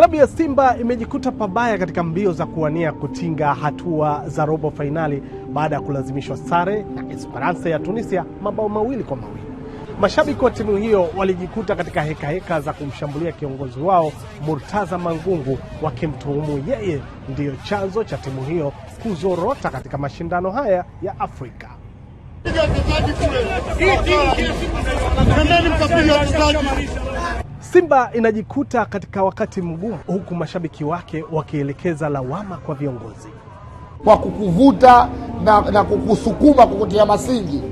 Klabu ya Simba imejikuta pabaya katika mbio za kuwania kutinga hatua za robo fainali baada ya kulazimishwa sare na Esperance ya Tunisia mabao mawili kwa mawili. Mashabiki wa timu hiyo walijikuta katika hekaheka heka za kumshambulia kiongozi wao Murtaza Mangungu, wakimtuhumu yeye ndiyo chanzo cha timu hiyo kuzorota katika mashindano haya ya Afrika. Simba inajikuta katika wakati mgumu, huku mashabiki wake wakielekeza lawama kwa viongozi kwa kukuvuta na, na kukusukuma kukutia masingi.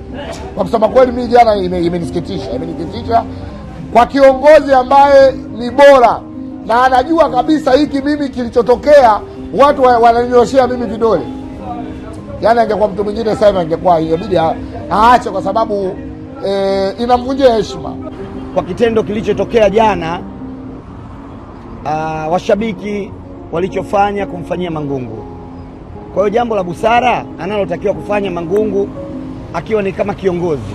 Kwa kusema kweli, mimi jana imenisikitisha, imenisikitisha kwa kiongozi ambaye ni bora na anajua kabisa hiki mimi kilichotokea, watu wananyoshea mimi vidole. Yani angekuwa mtu mwingine, sasa ingekuwa inabidi aache, kwa sababu e, inamvunjia heshima kwa kitendo kilichotokea jana, uh, washabiki walichofanya kumfanyia Mangungu. Kwa hiyo jambo la busara analotakiwa kufanya Mangungu akiwa ni kama kiongozi,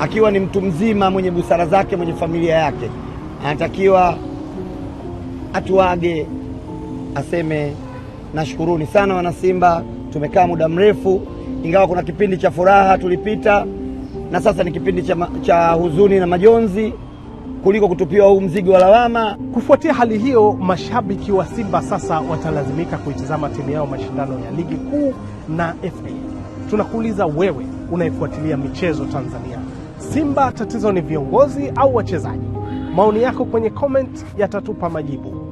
akiwa ni mtu mzima mwenye busara zake, mwenye familia yake, anatakiwa atuage aseme, nashukuruni sana wanasimba, tumekaa muda mrefu, ingawa kuna kipindi cha furaha tulipita na sasa ni kipindi cha, cha huzuni na majonzi kuliko kutupiwa huu mzigo wa lawama. Kufuatia hali hiyo, mashabiki wa Simba sasa watalazimika kuitazama timu yao mashindano ya ligi kuu na FA. Tunakuuliza wewe unayefuatilia michezo Tanzania, Simba tatizo ni viongozi au wachezaji? Maoni yako kwenye comment yatatupa majibu.